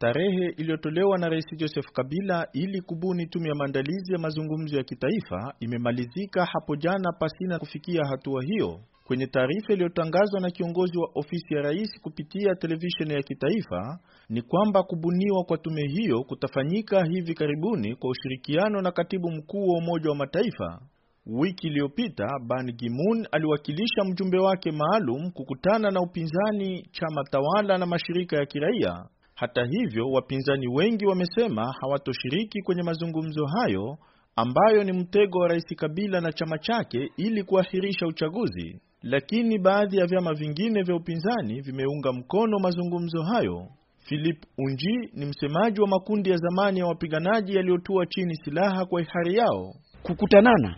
Tarehe iliyotolewa na Rais Joseph Kabila ili kubuni tume ya maandalizi ya mazungumzo ya kitaifa imemalizika hapo jana pasina kufikia hatua hiyo. Kwenye taarifa iliyotangazwa na kiongozi wa ofisi ya rais kupitia televisheni ya kitaifa ni kwamba kubuniwa kwa tume hiyo kutafanyika hivi karibuni kwa ushirikiano na katibu mkuu wa Umoja wa Mataifa. Wiki iliyopita Ban Ki-moon aliwakilisha mjumbe wake maalum kukutana na upinzani, chama tawala na mashirika ya kiraia. Hata hivyo, wapinzani wengi wamesema hawatoshiriki kwenye mazungumzo hayo ambayo ni mtego wa Rais Kabila na chama chake ili kuahirisha uchaguzi, lakini baadhi ya vyama vingine vya upinzani vimeunga mkono mazungumzo hayo. Philip Unji ni msemaji wa makundi ya zamani ya wapiganaji yaliyotua chini silaha kwa hiari yao. Kukutanana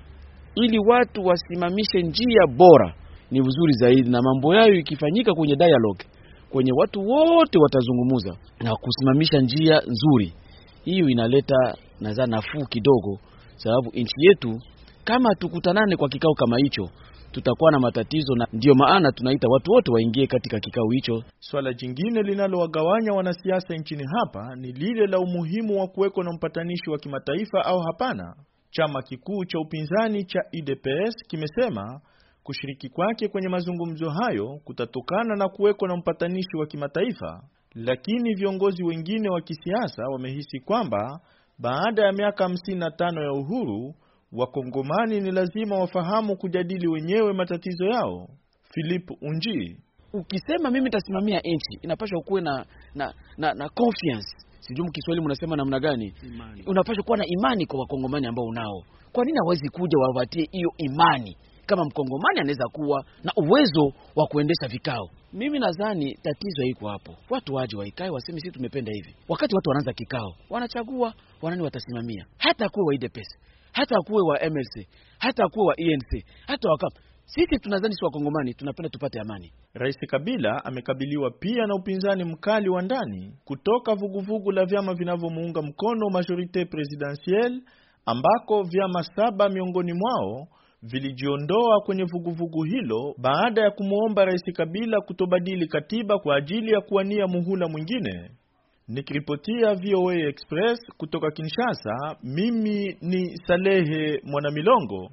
ili watu wasimamishe njia bora ni vizuri zaidi, na mambo yayo ikifanyika kwenye dialogue kwenye watu wote watazungumza na kusimamisha njia nzuri. Hiyo inaleta naza nafuu kidogo, sababu nchi yetu kama tukutanane kwa kikao kama hicho tutakuwa na matatizo, na ndiyo maana tunaita watu wote waingie katika kikao hicho. Swala jingine linalowagawanya wanasiasa nchini hapa ni lile la umuhimu wa kuweko na mpatanishi wa kimataifa au hapana. Chama kikuu cha upinzani cha UDPS kimesema Kushiriki kwake kwenye mazungumzo hayo kutatokana na kuwekwa na mpatanishi wa kimataifa, lakini viongozi wengine wa kisiasa wamehisi kwamba baada ya miaka 55 ya uhuru, wakongomani ni lazima wafahamu kujadili wenyewe matatizo yao. Philip Unji: ukisema mimi nitasimamia nchi inapaswa kuwe na, na, na, na confidence sijui mkiswahili mnasema namna gani? Unapaswa kuwa na imani kwa wakongomani ambao unao. Kwa nini hawezi kuja wawatie hiyo imani kama mkongomani anaweza kuwa na uwezo wa kuendesha vikao. Mimi nadhani tatizo iko hapo, watu waje waikae, waseme sisi tumependa hivi. Wakati watu wanaanza kikao, wanachagua wanani watasimamia, hata kuwe wa UDPS, hata kuwe wa MLC, hata kuwe wa ENC, hata waka sisi tunadhani si wakongomani tunapenda tupate amani. Rais Kabila amekabiliwa pia na upinzani mkali wa ndani kutoka vuguvugu la vyama vinavyomuunga mkono Majorite Presidentielle, ambako vyama saba miongoni mwao vilijiondoa kwenye vuguvugu hilo baada ya kumwomba Rais Kabila kutobadili katiba kwa ajili ya kuwania muhula mwingine. Nikiripotia VOA Express kutoka Kinshasa, mimi ni Salehe Mwanamilongo.